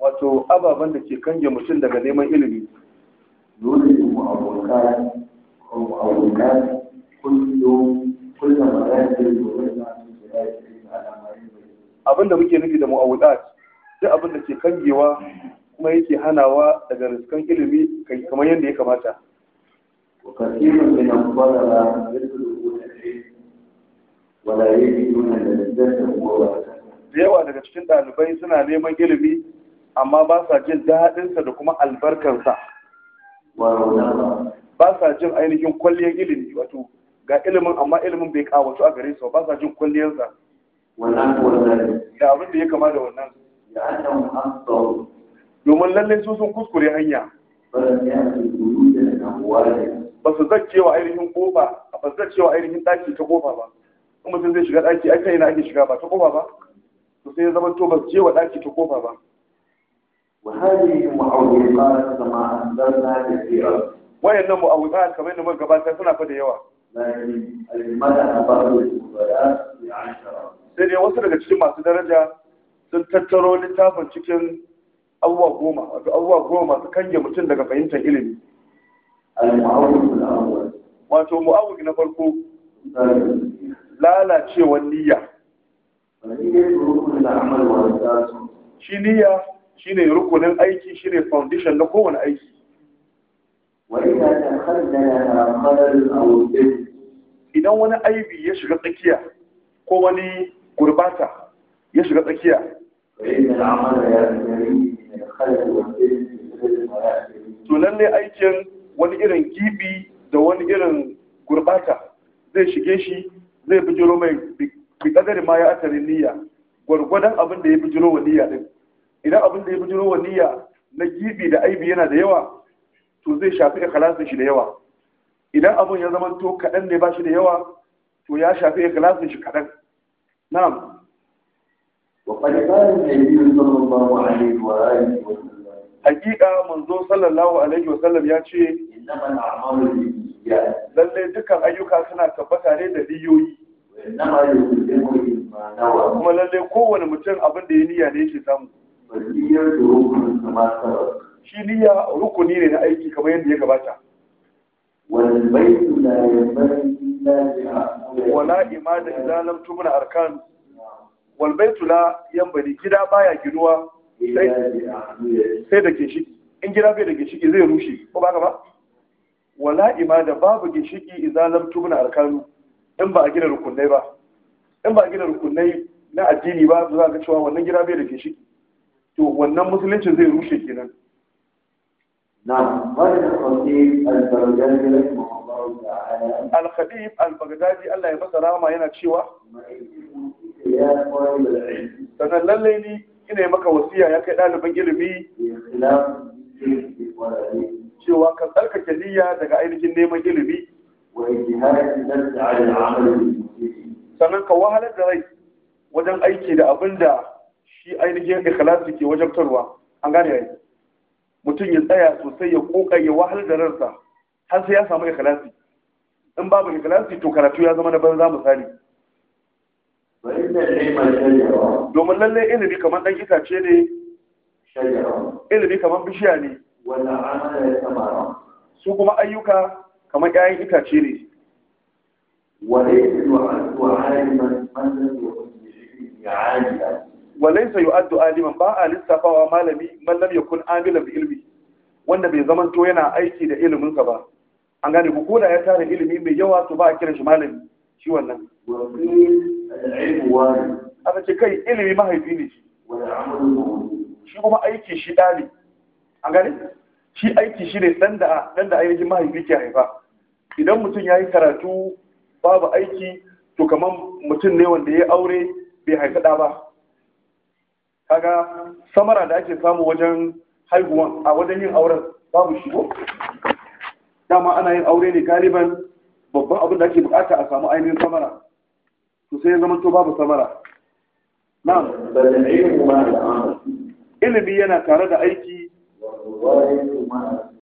wato ababen da ke kange mutum daga neman ilimi dole ne mu abokan mu abokan kullum kullum ma ya ce yi domin da abin da muke nufi da mu'awudat duk abin da ke kangewa kuma yake hanawa daga riskan ilimi kamar yadda ya kamata wa kasirin min al-balala yadda wala yajiduna ladzatan da yawa daga cikin ɗalibai suna neman ilimi amma ba sa jin daɗinsa da kuma albarkarsa ba sa jin ainihin kwalliyar ilimi wato ga ilimin amma ilimin bai kawato a gare su ba sa jin kwalliyarsa da abin da ya kama da wannan domin lallai su sun kuskure hanya ba su zaccewa ainihin kofa ba su zaccewa ainihin ɗaki ta kofa ba mutum zai shiga ɗaki aka yi na ake shiga ba ta kofa ba to sai ya zama to ba je wa ɗaki ta kofa ba وهذه معوقات كما أنزلنا كثيرا wayannan mu'awudan kamar yadda muka gabata suna fa da yawa sai dai wasu daga cikin masu daraja sun tattaro littafin cikin abubuwa goma wato abubuwa goma masu kange mutum daga fahimtar ilimi wato mu'awud na farko lalacewar niyya shi niyya shi ne rukunin aiki shi ne foundation na kowane aiki idan wani aibi ya shiga tsakiya ko wani gurbata ya shiga tsakiya Tunan ne aikin wani irin gibi da wani irin gurbata zai shige shi zai bijiro mai bi ma ya asari niyya gwargwadon abin da ya bijiro wa niyya din idan abin da ya bijiro wa niyya na gibi da aibi yana da yawa to zai shafi ikhlasin shi da yawa idan abin ya zama to kaɗan ne ba shi da yawa to ya shafi ikhlasin shi kadan na'am وقد قال النبي صلى الله عليه وآله وسلم hakika manzo sallallahu alaihi wa sallam ya ce lalle dukkan ayyuka suna tabbata ne da niyoyi kuma lallai kowane mutum abin da ya niyya ne yake samu shi niyya rukuni ne na aiki kamar yadda ya gabata wala imada idan lam tumna arkan wal baitu la yanbali gida baya ginuwa sai da shi in gida bai da ginshiki zai rushe ko ba ka ba wala imada babu ginshiki idan lam tumna arkanu in ba a gina rukunai ba in ba a gina rukunai na addini ba za ka cewa wannan gida bai da ginshiki to wannan musulunci zai rushe kenan Al-Khabib al-Baghdadi Allah ya masa rama yana cewa sannan lallai ni ina yi maka wasiya ya kai ɗaliban ilimi cewa ka tsarkake niyya daga ainihin neman ilimi sannan ka wahalar da rai wajen aiki da abin da shi ainihin ikhlasi ke wajen tarwa. an gane yayi mutum ya tsaya sosai ya koka ya wahalar da rarsa. har sai ya samu ikhlasi in babu ikhlasi to karatu ya zama na banza misali domin lalle ilimi kamar dan itace ne ilimi kamar bishiya ne su kuma ayyuka kamar ƴaƴan itace ne walaisa yu'addu aliman ba a lissafawa malami man lam yakun amila bi ilmi wanda bai zaman to yana aiki da ilimin sa ba an gane ku koda ya tare ilimi mai yawa to ba a kiran shi malami shi wannan A ce kai ilimi mahaifi ne shi kuma aiki shi ɗali an gane shi aiki shi ne dan da ainihin mahaifi ke haifa idan mutum ya yi karatu babu aiki to kamar mutum ne wanda ya yi aure bai haifi ɗa ba kaga samara da ake samu wajen haihuwan a wajen yin auren babu shi ko dama ana yin aure ne galiban babban abin da ake bukata a samu ainihin samara to sai ya zama to babu samara na'am ilimi yana tare da aiki